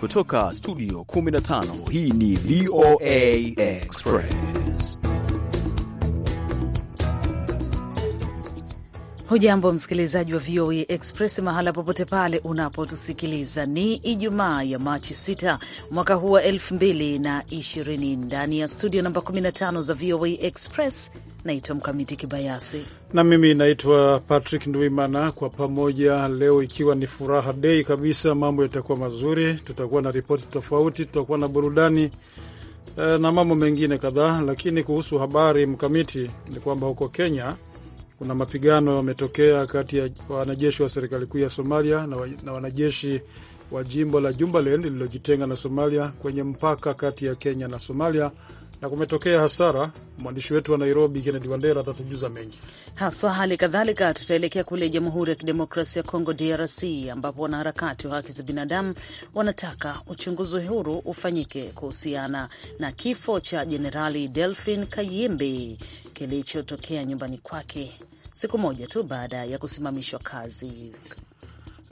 kutoka studio 15 hii ni VOA Express. Hujambo msikilizaji wa VOA Express mahala popote pale unapotusikiliza. Ni Ijumaa ya Machi 6 mwaka huu wa 2020 ndani ya studio namba 15 za VOA Express Naitwa Mkamiti Kibayasi na mimi naitwa Patrick Ndwimana. Kwa pamoja leo, ikiwa ni furaha dei kabisa, mambo yatakuwa mazuri, tutakuwa na ripoti tofauti, tutakuwa na burudani eh, na mambo mengine kadhaa. Lakini kuhusu habari Mkamiti, ni kwamba huko Kenya kuna mapigano yametokea kati ya wanajeshi wa serikali kuu ya Somalia na wanajeshi wa jimbo la Jumbaland lililojitenga na Somalia kwenye mpaka kati ya Kenya na Somalia na kumetokea hasara. Mwandishi wetu wa Nairobi, Kennedy Wandera, atatujuza mengi haswa. Hali kadhalika tutaelekea kule Jamhuri ya Kidemokrasia ya Kongo, DRC, ambapo wanaharakati wa haki za binadamu wanataka uchunguzi huru ufanyike kuhusiana na kifo cha Jenerali Delphin Kayimbi kilichotokea nyumbani kwake siku moja tu baada ya kusimamishwa kazi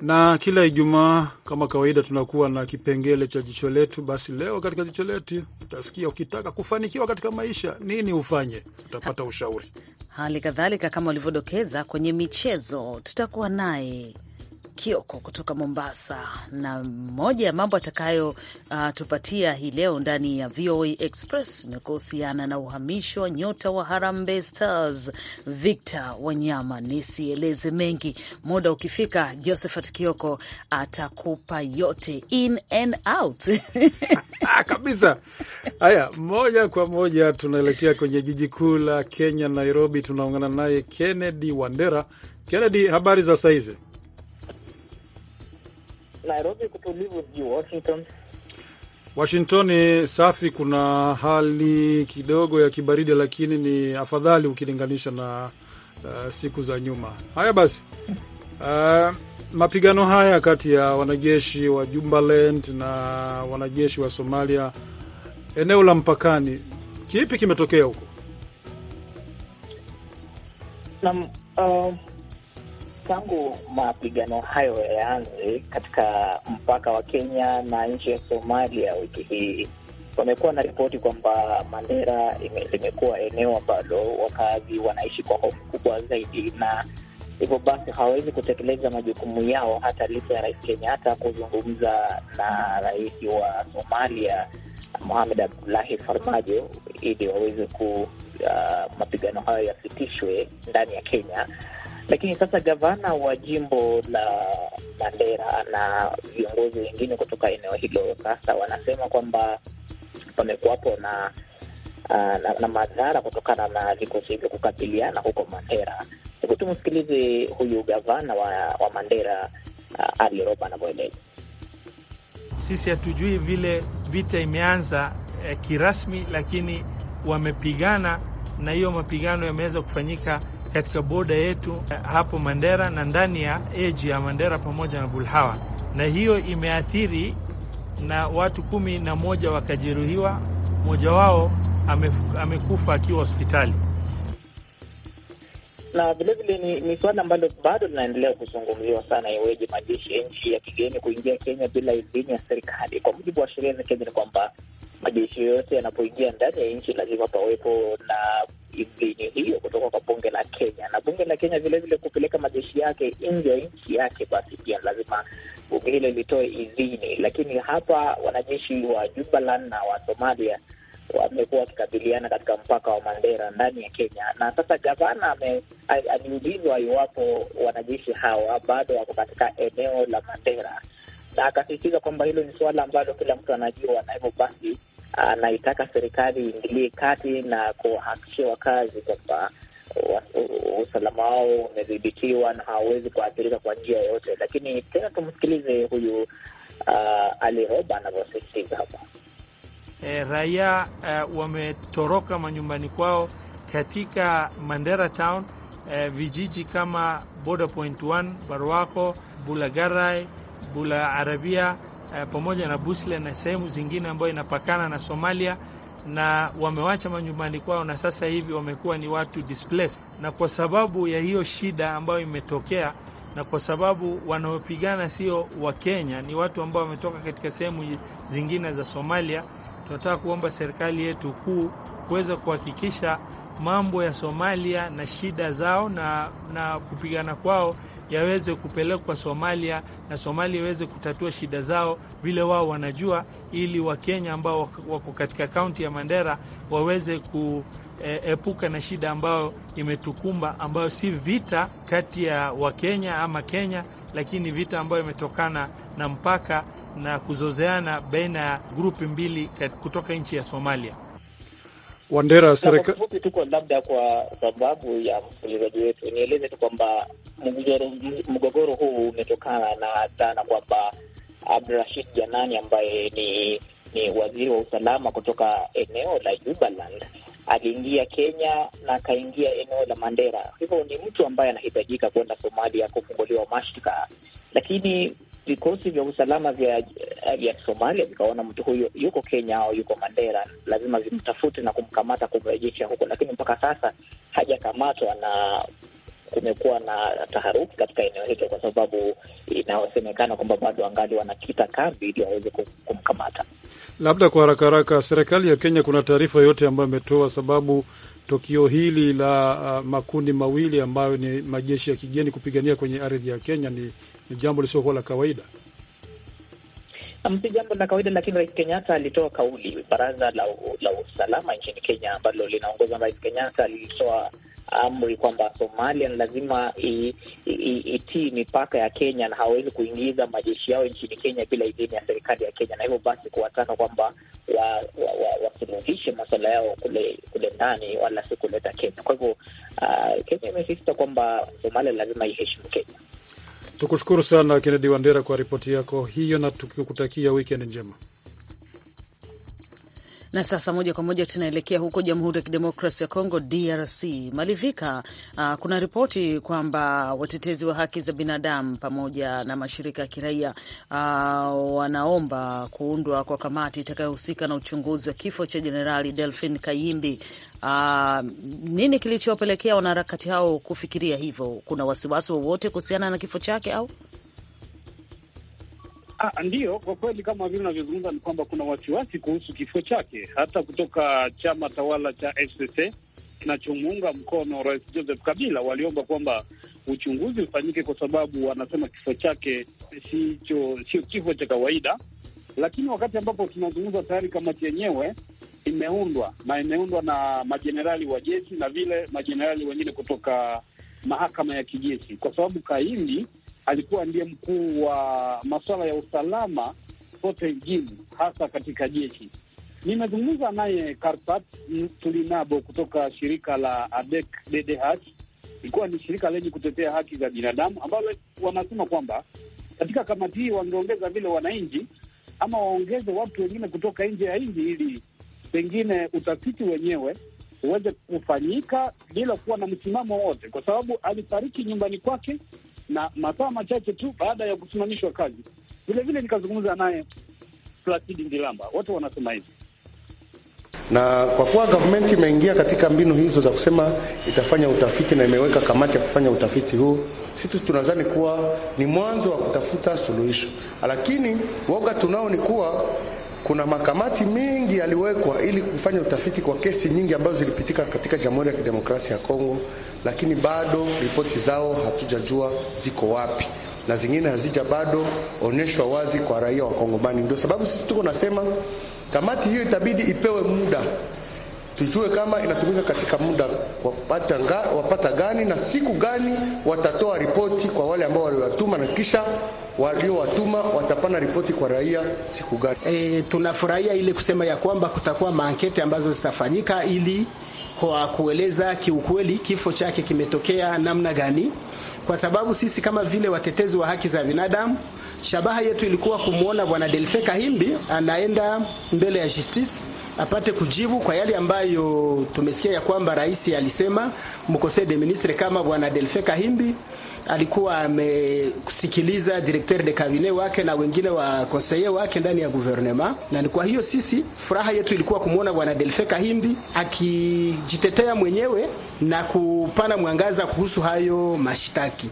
na kila Ijumaa kama kawaida tunakuwa na kipengele cha jicho letu. Basi leo katika jicho letu utasikia, ukitaka kufanikiwa katika maisha nini ufanye, utapata ushauri. Hali kadhalika kama ulivyodokeza kwenye michezo, tutakuwa naye Kioko kutoka Mombasa, na moja ya mambo atakayotupatia uh, hii leo ndani ya VOA Express ni kuhusiana na uhamisho wa nyota wa Harambee Stars Victor Wanyama. Nisieleze mengi, muda ukifika, Josephat Kioko atakupa yote in and out ah, kabisa. Haya, moja kwa moja tunaelekea kwenye jiji kuu la Kenya, Nairobi. Tunaungana naye Kennedy Wandera. Kennedy, habari za saizi? Nairobi kutulivu, ji Washington. Washington safi, kuna hali kidogo ya kibaridi, lakini ni afadhali ukilinganisha na uh, siku za nyuma. Haya basi, uh, mapigano haya kati ya wanajeshi wa Jumbaland na wanajeshi wa Somalia eneo la mpakani, kipi kimetokea huko? Naam, uh, tangu mapigano hayo yaanze katika mpaka wa Kenya na nchi ya Somalia wiki hii, wamekuwa na ripoti kwamba Mandera limekuwa eneo ambalo wakazi wanaishi kwa hofu kubwa zaidi, na hivyo basi hawawezi kutekeleza majukumu yao, hata licha ya Rais Kenyatta kuzungumza na rais wa Somalia Mohamed Abdullahi Farmajo ili waweze ku uh, mapigano hayo yasitishwe ndani ya Kenya lakini sasa gavana wa jimbo la Mandera na viongozi wengine kutoka eneo hilo sasa wanasema kwamba pamekuwapo na ah, na, na madhara kutokana na vikosi hivyo kukabiliana huko Mandera. Hebu tumsikilize huyu gavana wa, wa Mandera uh, Ali Roba anavyoeleza. Sisi hatujui vile vita imeanza eh, kirasmi, lakini wamepigana na hiyo mapigano yameweza kufanyika katika boda yetu eh, hapo Mandera na ndani ya eji ya Mandera pamoja na Bulhawa, na hiyo imeathiri na watu kumi na moja wakajeruhiwa, mmoja wao amekufa akiwa hospitali na vilevile ni, ni suala ambalo bado linaendelea kuzungumziwa sana, iweje majeshi ya nchi ya kigeni kuingia Kenya bila idhini ya serikali. Kwa mujibu wa sheria za Kenya ni kwamba majeshi yoyote yanapoingia ndani ya nchi lazima pawepo na idhini hiyo kutoka kwa bunge la Kenya, na bunge la Kenya vilevile kupeleka majeshi yake nje ya nchi yake, basi pia lazima bunge hilo litoe idhini. Lakini hapa wanajeshi wa Jubaland na wa Somalia wamekuwa wakikabiliana katika mpaka wa Mandera ndani ya Kenya, na sasa gavana aliulizwa iwapo wanajeshi hawa bado wako katika eneo la Mandera, na akasisitiza kwamba hilo ni suala ambalo kila mtu anajua, na hivyo basi anaitaka serikali iingilie kati na kuwahakikishia wakazi kwamba usalama wao umedhibitiwa na hawawezi kuathirika kwa njia yoyote. Lakini tena tumsikilize huyu uh, Ali Roba anavyosisitiza hapa. E, raia e, wametoroka manyumbani kwao katika Mandera town e, vijiji kama Boda Point 1, Barwako, Bulagarai, Bula Arabia Eh, pamoja na Busle na sehemu zingine ambayo inapakana na Somalia na wamewacha manyumbani kwao na sasa hivi wamekuwa ni watu displaced. Na kwa sababu ya hiyo shida ambayo imetokea, na kwa sababu wanaopigana sio wa kenya ni watu ambao wametoka katika sehemu zingine za Somalia, tunataka kuomba serikali yetu kuu kuweza kuhakikisha mambo ya Somalia na shida zao na, na kupigana kwao yaweze kupelekwa Somalia na Somalia iweze kutatua shida zao vile wao wanajua, ili Wakenya ambao wako katika kaunti ya Mandera waweze kuepuka eh, na shida ambayo imetukumba, ambayo si vita kati ya Wakenya ama Kenya, lakini vita ambayo imetokana na mpaka na kuzozeana baina ya grupi mbili kutoka nchi ya Somalia. Wandera, serika... fupi tuko labda kwa sababu ya msikilizaji wetu, nieleze tu kwamba mgogoro huu umetokana na dhana kwamba Abdurashid Janani ambaye ni ni waziri wa usalama kutoka eneo la Jubaland aliingia Kenya na akaingia eneo la Mandera. Hivyo ni mtu ambaye anahitajika kwenda Somalia kufunguliwa mashtaka, lakini vikosi vya usalama vya vya Somalia vikaona mtu huyu yuko Kenya au yuko Mandera, lazima vimtafute na kumkamata kumrejesha huko, lakini mpaka sasa hajakamatwa na kumekuwa na taharuki katika eneo hilo, kwa sababu inayosemekana kwamba bado angali wanakita kambi ili waweze kumkamata. Labda kwa haraka haraka, serikali ya Kenya, kuna taarifa yote ambayo imetoa sababu tukio hili la uh, makundi mawili ambayo ni majeshi ya kigeni kupigania kwenye ardhi ya Kenya ni ni jambo lisiokuwa la kawaida si jambo la kawaida, lakini Rais Kenyatta alitoa kauli. Baraza la, la usalama nchini Kenya ambalo linaongozwa na Rais Kenyatta lilitoa amri kwamba Somalia lazima itii mipaka ya Kenya na hawawezi kuingiza majeshi yao nchini Kenya bila idhini ya serikali ya Kenya, na hivyo basi kuwataka kwamba wasuluhishe wa, wa, wa masuala yao kule kule ndani, wala si kuleta Kenya. Kwa hivyo uh, Kenya imesisitiza kwamba Somalia lazima iheshimu Kenya. Tukushukuru sana Kennedy Wandera kwa ripoti yako hiyo na tukikutakia wikendi njema. Na sasa moja kwa moja tunaelekea huko Jamhuri ya Kidemokrasi ya Kongo, DRC. Malivika, uh, kuna ripoti kwamba watetezi wa haki za binadamu pamoja na mashirika ya kiraia uh, wanaomba kuundwa kwa kamati itakayohusika na uchunguzi wa kifo cha Jenerali Delphin Kayimbi. Uh, nini kilichopelekea wanaharakati hao kufikiria hivyo? Kuna wasiwasi wowote kuhusiana na kifo chake au Ah, ah ndiyo, kwa kweli kama vile unavyozungumza ni kwamba kuna wasiwasi kuhusu kifo chake, hata kutoka chama tawala cha FCC kinachomuunga mkono Rais Joseph Kabila waliomba kwamba uchunguzi ufanyike, kwa sababu wanasema kifo chake sio kifo cha kawaida. Lakini wakati ambapo tunazungumza tayari kamati yenyewe imeundwa na imeundwa na majenerali wa jeshi na vile majenerali wengine kutoka mahakama ya kijeshi, kwa sababu Kaindi alikuwa ndiye mkuu wa masuala ya usalama kote nchini, hasa katika jeshi. Nimezungumza naye Karpat Tulinabo kutoka shirika la ADEC DDH, ilikuwa ni shirika lenye kutetea haki za binadamu, ambalo wanasema kwamba katika kamati hii wangeongeza vile wananchi ama waongeze watu wengine kutoka nje ya nchi, ili pengine utafiti wenyewe uweze kufanyika bila kuwa na msimamo wote kwa sababu alifariki nyumbani kwake na masaa machache tu baada ya kusimamishwa kazi. Vilevile nikazungumza naye Platidi Ndilamba, watu wanasema hivi na kwa kuwa gavumenti imeingia katika mbinu hizo za kusema itafanya utafiti na imeweka kamati ya kufanya utafiti huu, sisi tunadhani kuwa ni mwanzo wa kutafuta suluhisho, lakini woga tunao ni kuwa kuna makamati mengi yaliwekwa ili kufanya utafiti kwa kesi nyingi ambazo zilipitika katika Jamhuri ya Kidemokrasia ya Kongo, lakini bado ripoti zao hatujajua ziko wapi na zingine hazija bado onyeshwa wazi kwa raia wa Kongomani. Ndio sababu sisi tuko nasema kamati hiyo itabidi ipewe muda tujue kama inatumika katika muda wapata, nga, wapata gani na siku gani watatoa ripoti kwa wale ambao waliwatuma na kisha waliowatuma watapana ripoti kwa raia siku gani. E, tunafurahia ile kusema ya kwamba kutakuwa maankete ambazo zitafanyika ili kwa kueleza kiukweli kifo chake kimetokea namna gani, kwa sababu sisi kama vile watetezi wa haki za binadamu shabaha yetu ilikuwa kumwona Bwana Delfe Kahimbi anaenda mbele ya justice apate kujibu kwa yale ambayo tumesikia ya kwamba rais alisema mkose de ministre kama bwana Delfe Kahimbi alikuwa amesikiliza directeur de cabinet wake na wengine wa conseiller wake ndani ya gouvernement, na ni kwa hiyo sisi furaha yetu ilikuwa kumwona bwana Delfe Kahimbi akijitetea mwenyewe na kupana mwangaza kuhusu hayo mashtaki.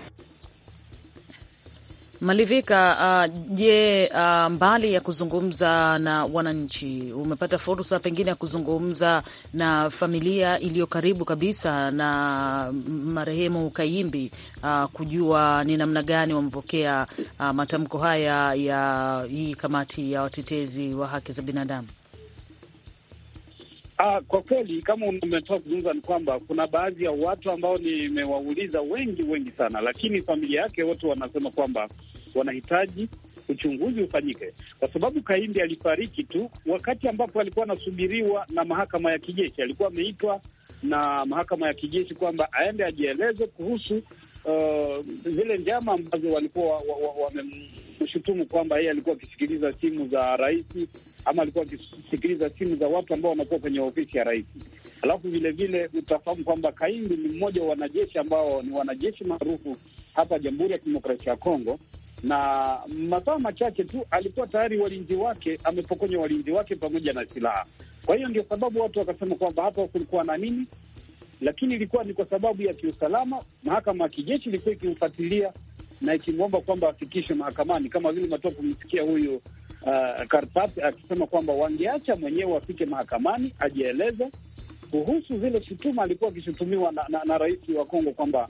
Malivika, uh, je, uh, uh, mbali ya kuzungumza na wananchi, umepata fursa pengine ya kuzungumza na familia iliyo karibu kabisa na marehemu Kayimbi, uh, kujua ni namna gani wamepokea uh, matamko haya ya hii kamati ya watetezi wa haki za binadamu? Ah, kwa kweli kama umetoa kuzungumza ni kwamba kuna baadhi ya watu ambao nimewauliza wengi wengi sana, lakini familia yake wote wanasema kwamba wanahitaji uchunguzi ufanyike, kwa sababu kaindi alifariki tu wakati ambapo alikuwa anasubiriwa na mahakama ya kijeshi. Alikuwa ameitwa na mahakama ya kijeshi kwamba aende ajieleze kuhusu uh, zile njama ambazo walikuwa wamemshutumu wa, wa, kwamba yeye alikuwa akisikiliza simu za rais ama alikuwa akisikiliza simu za watu ambao wanakuwa kwenye ofisi ya rais. Alafu vilevile utafahamu kwamba Kaindi ni mmoja wa wanajeshi ambao ni wanajeshi maarufu hapa Jamhuri ya Kidemokrasia ya Kongo na masaa machache tu alikuwa tayari walinzi wake amepokonywa walinzi wake pamoja na silaha. Kwa hiyo ndio sababu watu wakasema kwamba hapa kulikuwa na nini, lakini ilikuwa ni kwa sababu ya kiusalama. Mahakama ya kijeshi ilikuwa ikimfuatilia na ikimwomba kwamba afikishwe mahakamani, kama vile matoa kumsikia huyu uh, Karpat akisema kwamba wangeacha mwenyewe afike mahakamani ajieleze kuhusu zile shutuma alikuwa akishutumiwa na, na, na rais wa Kongo kwamba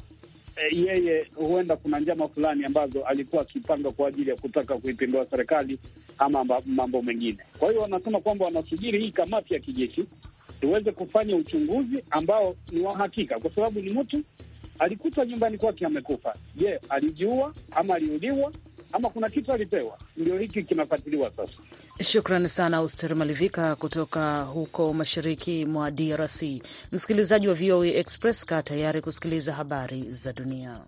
Eh, yeye huenda kuna njama fulani ambazo alikuwa akipanga kwa ajili ya kutaka kuipindua serikali ama mambo mengine. Kwa hiyo wanasema kwamba wanasubiri hii kamati ya kijeshi iweze kufanya uchunguzi ambao ni wa hakika, kwa sababu ni mtu alikutwa nyumbani kwake amekufa. Je, alijiua ama aliuliwa? ama kuna kitu alipewa, ndio hiki kinafuatiliwa sasa. Shukrani sana Auster Malivika kutoka huko mashariki mwa DRC. Msikilizaji wa VOA e Express, kaa tayari kusikiliza habari za dunia.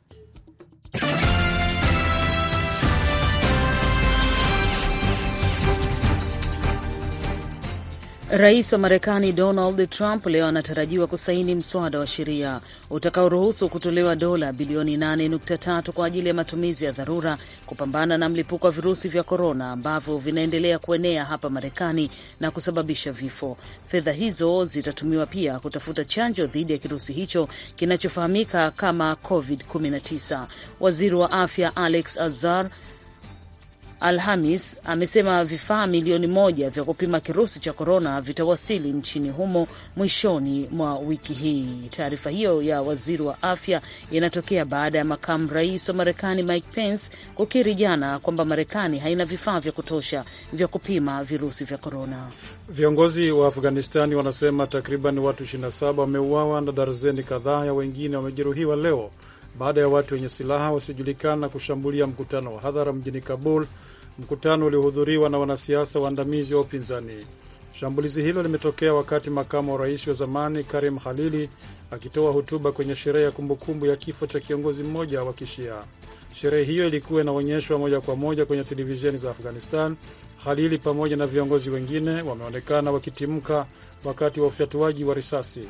Rais wa Marekani Donald Trump leo anatarajiwa kusaini mswada wa sheria utakaoruhusu kutolewa dola bilioni 8.3 kwa ajili ya matumizi ya dharura kupambana na mlipuko wa virusi vya korona ambavyo vinaendelea kuenea hapa Marekani na kusababisha vifo. Fedha hizo zitatumiwa pia kutafuta chanjo dhidi ya kirusi hicho kinachofahamika kama COVID-19. Waziri wa afya Alex Azar Alhamis amesema vifaa milioni moja vya kupima kirusi cha korona vitawasili nchini humo mwishoni mwa wiki hii. Taarifa hiyo ya waziri wa afya inatokea baada ya makamu rais wa Marekani Mike Pence kukiri jana kwamba Marekani haina vifaa vya kutosha vya kupima virusi vya korona. Viongozi wa Afghanistani wanasema takriban watu 27 wameuawa na darzeni kadhaa ya wengine wamejeruhiwa leo baada ya watu wenye silaha wasiojulikana kushambulia mkutano wa hadhara mjini Kabul Mkutano uliohudhuriwa na wanasiasa waandamizi wa upinzani. Shambulizi hilo limetokea wakati makamu wa rais wa zamani Karim Khalili akitoa hotuba kwenye sherehe ya kumbukumbu ya kifo cha kiongozi mmoja wa Kishia. Sherehe hiyo ilikuwa inaonyeshwa moja kwa moja kwenye televisheni za Afghanistan. Khalili pamoja na viongozi wengine wameonekana wakitimka wakati wa ufyatuaji wa risasi.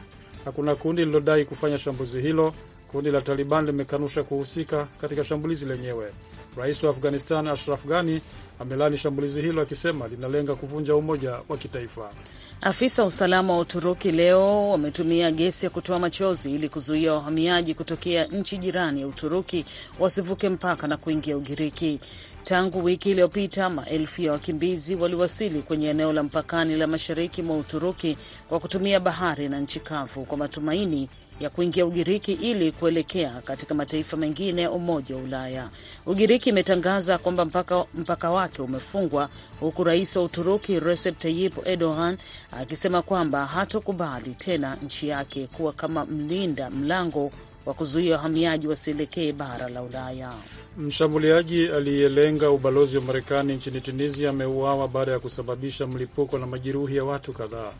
Hakuna kundi lililodai kufanya shambulizi hilo, Kundi la Taliban limekanusha kuhusika katika shambulizi lenyewe. Rais wa Afghanistan Ashraf Ghani amelani shambulizi hilo akisema linalenga kuvunja umoja wa kitaifa. Afisa wa usalama wa Uturuki leo wametumia gesi ya kutoa machozi ili kuzuia wahamiaji kutokea nchi jirani ya Uturuki wasivuke mpaka na kuingia Ugiriki. Tangu wiki iliyopita maelfu ya wakimbizi waliwasili kwenye eneo la mpakani la mashariki mwa Uturuki kwa kutumia bahari na nchi kavu kwa matumaini ya kuingia Ugiriki ili kuelekea katika mataifa mengine ya Umoja wa Ulaya. Ugiriki imetangaza kwamba mpaka, mpaka wake umefungwa huku rais wa Uturuki Recep Tayyip Erdogan akisema kwamba hatokubali tena nchi yake kuwa kama mlinda mlango wa kuzuia wahamiaji wasielekee bara la Ulaya. Mshambuliaji aliyelenga ubalozi wa Marekani nchini Tunisia ameuawa baada ya kusababisha mlipuko na majeruhi ya watu kadhaa.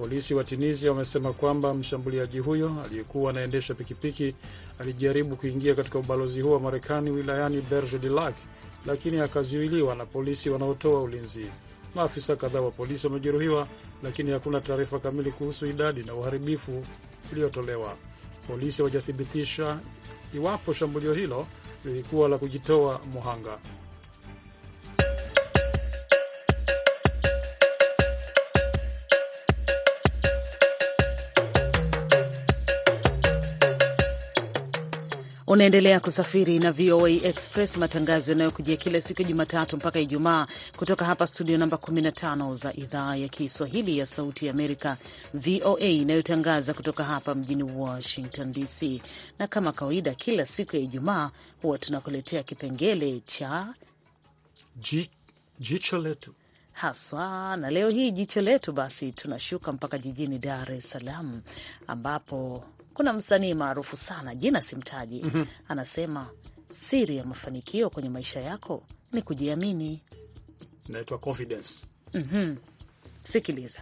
Polisi wa Tunisia wamesema kwamba mshambuliaji huyo aliyekuwa anaendesha pikipiki alijaribu kuingia katika ubalozi huo wa Marekani wilayani Berge de Lac, lakini akazuiliwa na polisi wanaotoa ulinzi. Maafisa kadhaa wa polisi wamejeruhiwa, lakini hakuna taarifa kamili kuhusu idadi na uharibifu iliyotolewa. Polisi hawajathibitisha iwapo shambulio hilo lilikuwa la kujitoa muhanga. Unaendelea kusafiri na VOA Express, matangazo yanayokujia kila siku ya Jumatatu mpaka Ijumaa kutoka hapa studio namba 15 za idhaa ya Kiswahili ya Sauti ya Amerika, VOA inayotangaza kutoka hapa mjini Washington DC. Na kama kawaida, kila siku ya Ijumaa huwa tunakuletea kipengele cha jicho letu haswa na leo hii jicho letu basi tunashuka mpaka jijini Dar es Salaam ambapo kuna msanii maarufu sana, jina simtaji, mm -hmm. anasema siri ya mafanikio kwenye maisha yako ni kujiamini. Naitwa confidence. Mm -hmm. Sikiliza.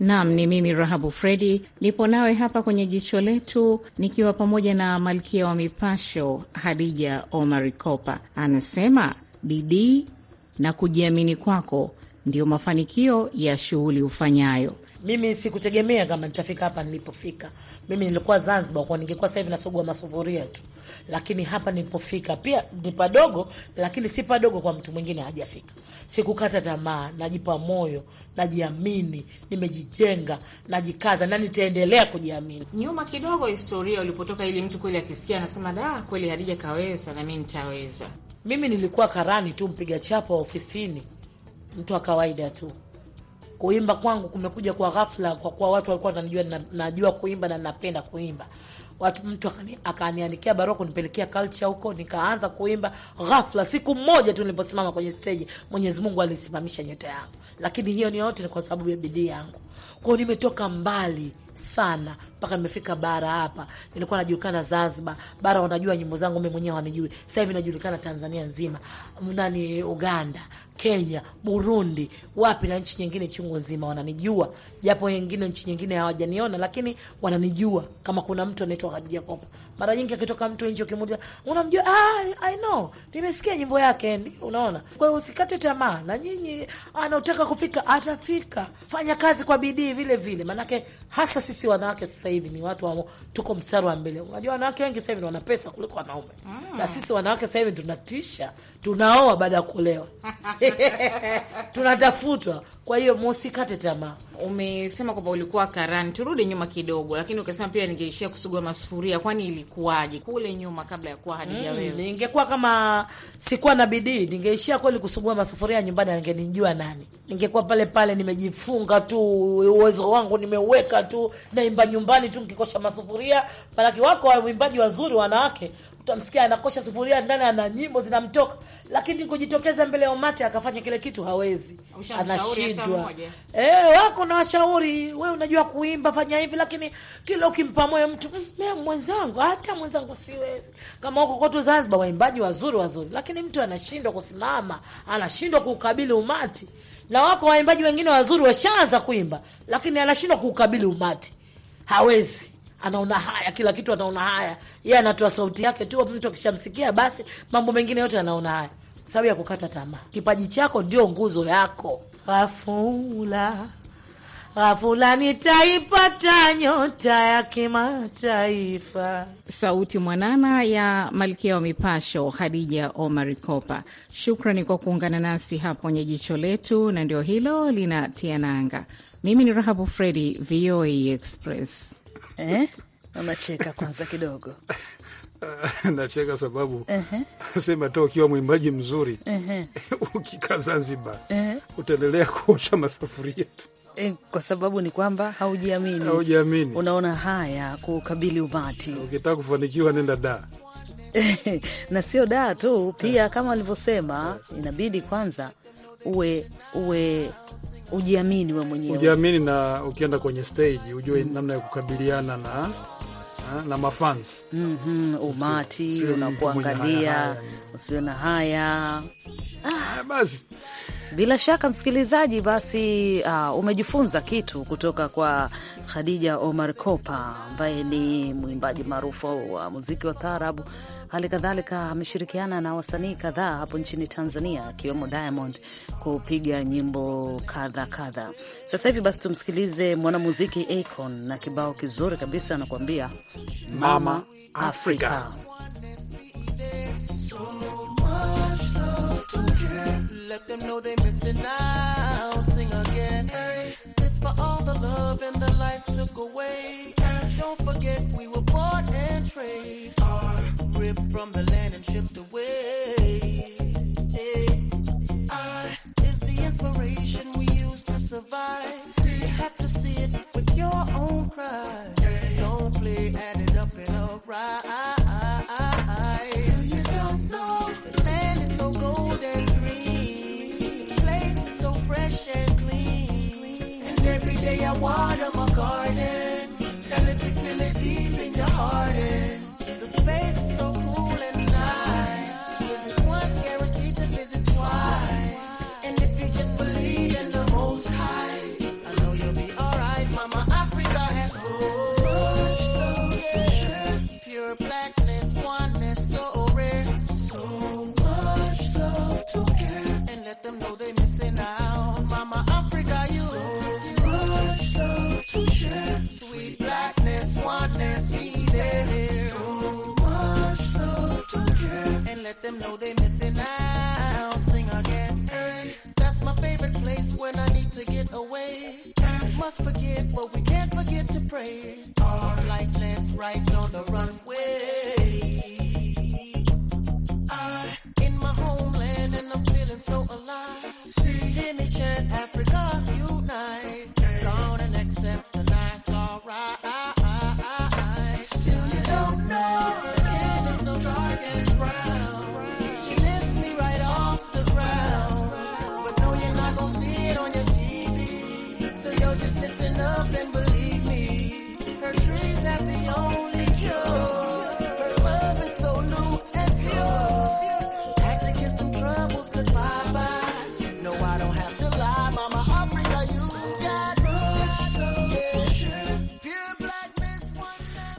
Nam, ni mimi Rahabu Fredi, nipo nawe hapa kwenye jicho letu, nikiwa pamoja na malkia wa mipasho Hadija Omar Kopa. Anasema bidii na kujiamini kwako ndio mafanikio ya shughuli ufanyayo. Mimi sikutegemea kama nitafika hapa nilipofika. Mimi nilikuwa Zanzibar, kwa ningekuwa sasa hivi nasugua masufuria tu, lakini hapa nilipofika pia ni padogo, lakini si padogo kwa mtu mwingine hajafika. Sikukata tamaa, najipa moyo, najiamini, nimejijenga, najikaza na nitaendelea kujiamini. Nyuma kidogo, historia ulipotoka, ili mtu kweli akisikia anasema da, kweli Hadija kaweza na mi nitaweza. Mimi nilikuwa karani tu, mpiga chapa wa ofisini, mtu wa kawaida tu Kuimba kwangu kumekuja kwa ghafla, kwa kuwa watu walikuwa wananijua, najua kuimba na napenda kuimba. Watu mtu akaniandikia barua kunipelekea culture huko, nikaanza kuimba ghafla. Siku moja tu niliposimama kwenye stage, Mwenyezi Mungu alisimamisha nyota yangu, lakini hiyo ni yote ni kwa sababu ya bidii yangu. Kwao nimetoka mbali sana mpaka nimefika bara hapa. Nilikuwa najulikana Zanzibar, bara wanajua nyimbo zangu, mimi mwenyewe wanijui. Sasa hivi najulikana Tanzania nzima, nani, Uganda, Kenya, Burundi, wapi na nchi nyingine chungu nzima wananijua, japo wengine nchi nyingine hawajaniona, lakini wananijua. Kama kuna mtu anaitwa Khadija Kopa, mara nyingi akitoka mtu nje, ukimuuliza unamjua, ah, I know, nimesikia nyimbo yake. Unaona, kwa hiyo usikate tamaa, na nyinyi anaotaka kufika atafika, fanya kazi kwa bidii vile vile, maanake hasa sisi wanawake sasa hivi ni watu wa, tuko mstari wa mbele. Unajua wanawake wengi sasa hivi wana pesa kuliko wanaume mm. Na sisi wanawake sasa hivi tunatisha, tunaoa baada ya kuolewa tunatafutwa. Kwa hiyo msikate tamaa. Umesema kwamba ulikuwa karani, turudi nyuma kidogo, lakini ukasema pia ningeishia kusugua masufuria. Kwani ilikuwaje kule nyuma kabla ya kuwa Hadija? Mm, wewe ningekuwa kama sikuwa na bidii ningeishia kweli kusugua masufuria nyumbani, angenijua nani? Ningekuwa pale pale nimejifunga tu, uwezo wangu nimeuweka naimba tu, naimba nyumbani tu nikikosha masufuria. Maanake wako waimbaji wazuri wanawake, utamsikia anakosha sufuria ndani, ana nyimbo zinamtoka, lakini kujitokeza mbele ya umati akafanya kile kitu hawezi, anashindwa. Eh, wako na washauri, we unajua kuimba, fanya hivi, lakini kila ukimpa moyo mtu mimi, mwenzangu, hata mwenzangu siwezi. Kama huko kwetu Zanzibar waimbaji wazuri wazuri, lakini mtu anashindwa kusimama, anashindwa kuukabili umati na wako waimbaji wengine wazuri washaanza kuimba, lakini anashindwa kuukabili umati, hawezi anaona haya, kila kitu anaona haya, yeye anatoa sauti yake tu, mtu akishamsikia basi mambo mengine yote anaona haya, sababu ya kukata tamaa. Kipaji chako ndio nguzo yako. Kafula ghafula nitaipata nyota ya kimataifa. Sauti mwanana ya malkia wa mipasho Hadija Omar Kopa, shukrani kwa kuungana nasi hapo kwenye jicho letu, na ndio hilo linatia nanga. Mimi ni Rahabu Fredi, VOA Express. Eh, unacheka kwanza kidogo nacheka sababu uh -huh. Sema hata ukiwa mwimbaji mzuri uh -huh. Ukikaa Zanzibar uh -huh. Utaendelea kuosha masafuria tu Eh, kwa sababu ni kwamba haujiamini, haujiamini, unaona haya kukabili umati. Ukitaka kufanikiwa nenda da na sio da tu pia, kama alivyosema, inabidi kwanza uwe uwe ujiamini we mwenyewe, ujiamini na ukienda kwenye stage ujue mm. namna ya kukabiliana na na mafans mm -hmm, umati unakuangalia, usiwe na haya, haya. Ah. Eh, basi bila shaka msikilizaji, basi uh, umejifunza kitu kutoka kwa Khadija Omar Kopa ambaye ni mwimbaji maarufu wa muziki wa taarabu. Hali kadhalika ameshirikiana na wasanii kadhaa hapo nchini Tanzania akiwemo Diamond kupiga nyimbo kadha kadha. Sasa hivi basi tumsikilize mwanamuziki Akon na kibao kizuri kabisa, anakuambia mama Afrika, Afrika. let them know they missing out. Sing again. Hey. This for all the love and the life took away. Hey. Don't forget we were born and trade. Are uh. ripped from the land and shipped away. Hey. I uh. is the inspiration we use to survive. See. You have to see it with your own cry. Hey. Don't play, add it up and alright. I water my garden. Tell it to feel it deep in your heart. The space is so cool. they missing out. Sing again. That's my favorite place when I need to get away. Must forget, but we can't forget to pray. flight lands right on the runway.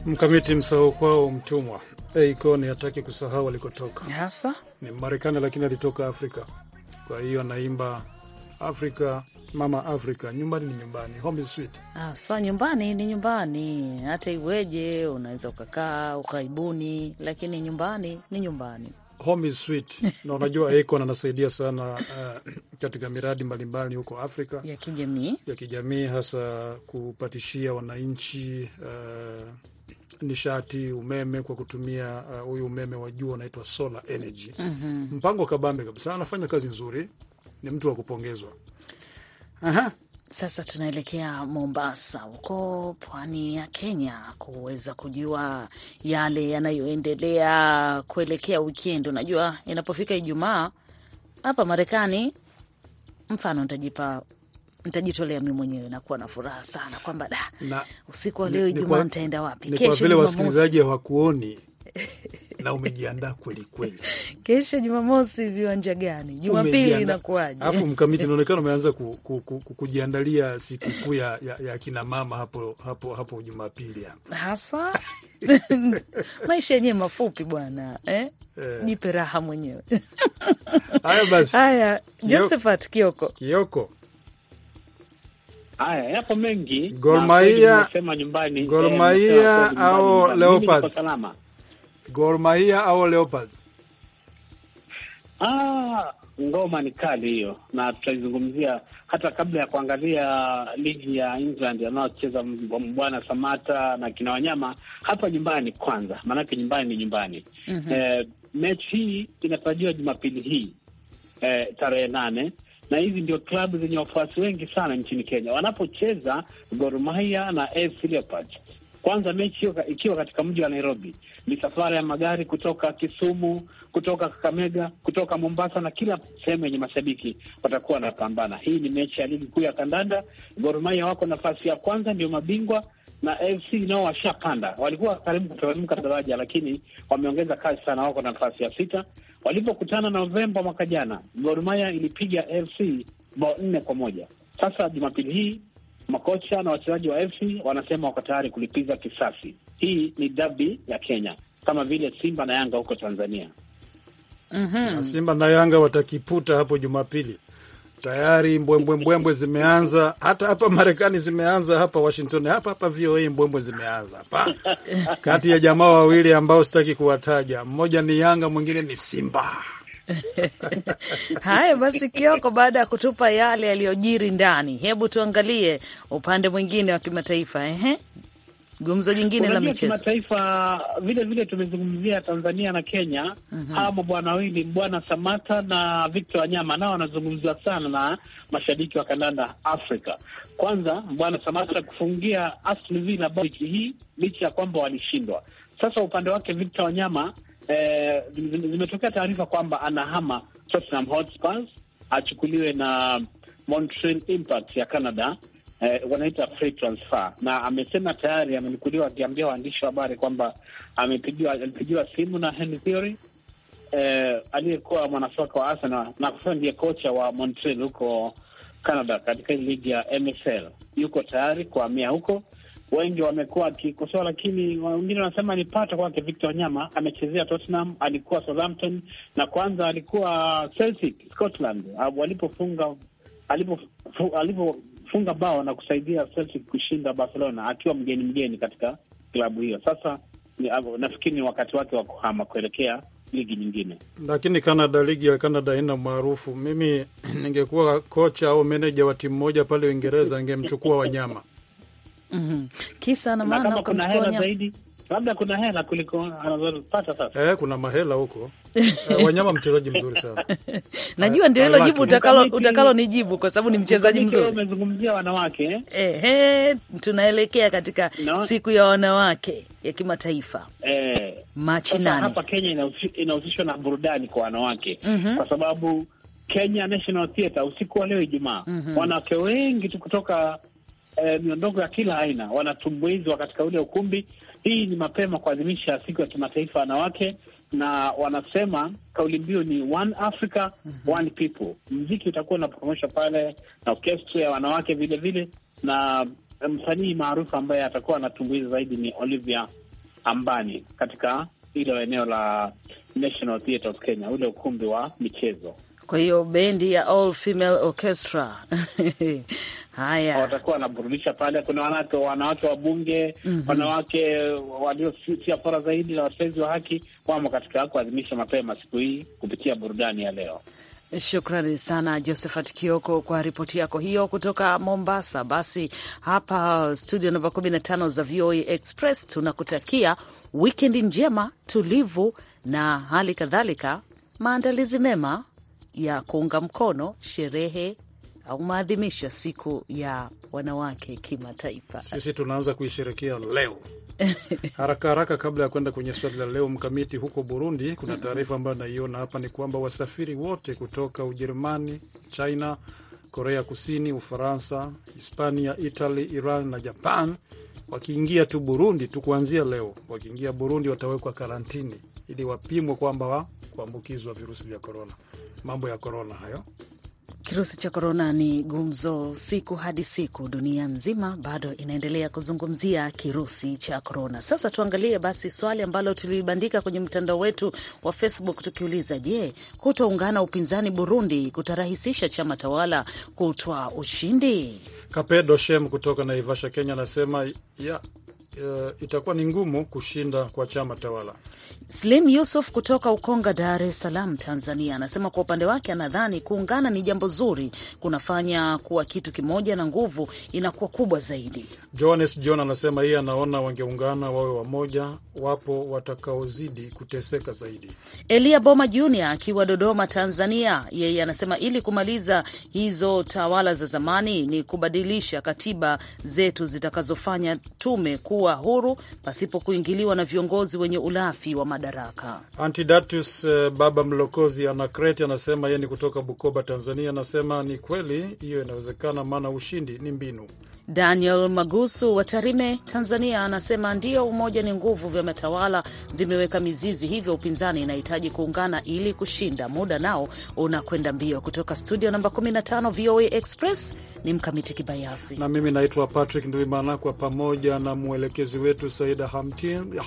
Mkamiti msahau kwao mtumwa Akon hataki kusahau alikotoka Ni Marekani, lakini alitoka Afrika, kwa hiyo anaimba Afrika, mama Afrika, nyumbani ni nyumbani, home sweet. Ah, so nyumbani ni nyumbani, hata iweje, unaweza ukakaa ukaibuni, lakini nyumbani ni nyumbani. Home is sweet. Na unajua Akon anasaidia sana uh, katika miradi mbalimbali huko Afrika ya kijamii, ya kijamii hasa kupatishia wananchi uh, nishati umeme kwa kutumia eh, huyu uh, umeme wa jua unaitwa solar energy. mm -hmm. Mpango kabambe kabisa, anafanya kazi nzuri ni mtu wa kupongezwa. Aha. Sasa tunaelekea Mombasa, huko pwani ya Kenya, kuweza kujua yale yanayoendelea kuelekea wikendi. Unajua, inapofika Ijumaa hapa Marekani, mfano nitajipa nitajitolea mi mwenyewe nakuwa na furaha sana kwamba da, usiku wa leo Ijumaa nitaenda wapi? Kesho vile wasikilizaji hawakuoni na umejiandaa kweli kweli. Kesho Jumamosi viwanja gani? Jumapili inakuwaje? Alafu mkamiti inaonekana umeanza ku, ku, ku, ku, kujiandalia sikukuu ya, ya, ya kina mama hapo hapo hapo Jumapili haswa. maisha yenyewe mafupi bwana eh? Eh, jipe raha mwenyewe haya basi. Haya, Josephat Kioko, Kioko. Haya, yapo mengi. Gormaia Mahia, eh, au Leopards? Gor Mahia au Leopards? Ah, ngoma ni kali hiyo, na tutaizungumzia hata kabla ya kuangalia ligi ya England anaocheza mbwana Samata na kina Wanyama hapa nyumbani kwanza, maanake nyumbani ni nyumbani. mm -hmm. Eh, mechi hii inatarajiwa Jumapili hii eh, tarehe nane na hizi ndio klabu zenye wafuasi wengi sana nchini Kenya wanapocheza Gor Mahia na AFC Leopards. Kwanza mechi ikiwa katika mji wa Nairobi, misafara ya magari kutoka Kisumu, kutoka Kakamega, kutoka Mombasa na kila sehemu yenye mashabiki watakuwa wanapambana. Hii ni mechi ya ligi kuu ya kandanda. Gor Mahia wako nafasi ya kwanza, ndio mabingwa na FC nao washapanda, walikuwa karibu kuteremka daraja, lakini wameongeza kasi sana, wako nafasi ya sita. Walipokutana Novemba mwaka jana, Gor Mahia ilipiga FC bao nne kwa moja. Sasa Jumapili hii Makocha na wachezaji wa fc wanasema wako tayari kulipiza kisasi. Hii ni dabi ya Kenya kama vile Simba na Yanga huko Tanzania. mm -hmm. Na Simba na Yanga watakiputa hapo Jumapili. Tayari mbwembwe mbwembwe zimeanza hata hapa Marekani, zimeanza hapa Washington, hapa hapa VOA mbwembwe zimeanza hapa kati ya jamaa wawili ambao sitaki kuwataja, mmoja ni Yanga, mwingine ni Simba. Haya basi, Kioko, baada ya kutupa yale yaliyojiri ndani, hebu tuangalie upande mwingine wa kimataifa. Ehe, gumzo jingine la michezo kimataifa vile vile tumezungumzia Tanzania na Kenya. Uh-huh. Mhm. Hawa bwana wawili Bwana Samata na Victor Wanyama nao wanazungumziwa sana na mashabiki wa kandanda Afrika. Kwanza Bwana Samata kufungia Aston Villa bao wiki hii licha ya kwamba walishindwa. Sasa upande wake Victor Wanyama eh, zimetokea taarifa kwamba anahama Tottenham Hotspur achukuliwe na Montreal Impact ya Canada, eh, wanaita free transfer, na amesema tayari amenukuliwa akiambia waandishi wa habari kwamba amepigiwa alipigiwa simu na Henry Theory eh, aliyekuwa mwanasoka wa Arsenal na kusema ndiye kocha wa Montreal huko Canada katika ligi ya MSL. Yuko tayari kuhamia huko wengi wamekuwa wakikosoa, lakini wengine wanasema ni pata kwake. Victor Wanyama amechezea Tottenham, alikuwa Southampton na kwanza alikuwa Celtic Scotland walipofunga alipofunga bao na kusaidia Celtic kushinda Barcelona akiwa mgeni mgeni katika klabu hiyo. Sasa nafikiri ni wakati wake wa kuhama kuelekea ligi nyingine, lakini Canada, ligi ya Canada haina umaarufu. Mimi ningekuwa kocha au meneja wa timu moja pale Uingereza, angemchukua Wanyama Mm Kisa na maana kama kuna hela zaidi labda kuna hela kuliko anazopata sasa. Eh, kuna mahela huko eh, Wanyama mchezaji mzuri sana najua ndio hilo eh, jibu utakalo utakalo nijibu kwa sababu ni mchezaji mzuri. Umezungumzia wanawake eh, eh, tunaelekea katika no. siku ya wanawake ya kimataifa eh, Machi nane. Hapa Kenya inahusishwa na burudani kwa wanawake mm -hmm. kwa sababu Kenya National Theatre usiku wa leo Ijumaa mm -hmm. wanawake wengi tu kutoka eh, miondoko ya kila aina wanatumbuizwa katika ule ukumbi. Hii ni mapema kuadhimisha siku ya kimataifa wanawake, na wanasema kauli mbiu ni one Africa mhm. one people. Mziki utakuwa unapromoshwa pale na orkestra ya wanawake vilevile, na msanii maarufu ambaye atakuwa anatumbuiza zaidi ni Olivia Ambani katika hilo eneo la National Theatre of Kenya, ule ukumbi wa michezo. Kwa hiyo bendi ya All Female Orchestra haya watakuwa wanaburudisha pale. Kuna wanawake wanawake wa bunge mm -hmm. wanawake waliosia fora zaidi na watetezi wa haki wamo katika kuadhimisha mapema siku hii kupitia burudani ya leo. Shukrani sana Josephat Kioko kwa ripoti yako hiyo kutoka Mombasa. Basi hapa studio namba 15 za VOA Express tunakutakia wikendi njema, tulivu na hali kadhalika maandalizi mema ya kuunga mkono sherehe umaadhimisha siku ya wanawake kimataifa. Sisi tunaanza kuisherekea leo haraka haraka. Kabla ya kwenda kwenye swali la leo, mkamiti huko Burundi, kuna taarifa ambayo naiona hapa ni kwamba wasafiri wote kutoka Ujerumani, China, Korea Kusini, Ufaransa, Hispania, Italy, Iran na Japan wakiingia tu Burundi tu kuanzia leo, wakiingia Burundi watawekwa karantini ili wapimwe kwamba wa kuambukizwa virusi vya korona. Mambo ya korona hayo. Kirusi cha korona ni gumzo siku hadi siku, dunia nzima bado inaendelea kuzungumzia kirusi cha korona. Sasa tuangalie basi swali ambalo tulibandika kwenye mtandao wetu wa Facebook tukiuliza, je, kutoungana upinzani Burundi kutarahisisha chama tawala kutwa ushindi? Kapedo Shem kutoka Naivasha, Kenya anasema ya, ya, itakuwa ni ngumu kushinda kwa chama tawala. Slim Yusuf kutoka Ukonga, Dar es Salaam, Tanzania, anasema kwa upande wake anadhani kuungana ni jambo zuri, kunafanya kuwa kitu kimoja na nguvu inakuwa kubwa zaidi. Johannes John anasema yeye anaona wangeungana wawe wamoja, wapo watakaozidi kuteseka zaidi. Elia Boma Junior akiwa Dodoma, Tanzania, yeye anasema ili kumaliza hizo tawala za zamani ni kubadilisha katiba zetu zitakazofanya tume kuwa huru pasipo kuingiliwa na viongozi wenye ulafi wa madaraka. Antidatus eh, Baba Mlokozi Anakreti anasema yeye ni kutoka Bukoba, Tanzania. Anasema ni kweli hiyo inawezekana, maana ushindi ni mbinu. Daniel Magusu wa Tarime, Tanzania anasema ndiyo, umoja ni nguvu, vya matawala vimeweka mizizi, hivyo upinzani inahitaji kuungana ili kushinda. Muda nao unakwenda mbio. Kutoka studio namba 15 VOA Express ni Mkamiti Kibayasi na mimi naitwa Patrick Ndwimana, kwa pamoja na mwelekezi wetu Saida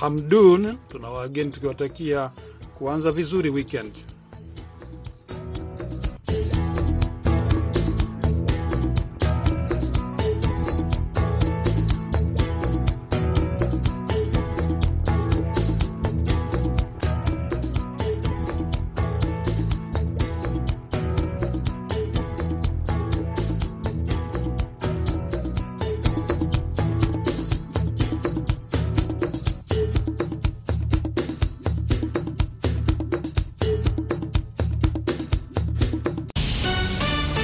Hamdun tuna wageni tukiwatakia kuanza vizuri weekend.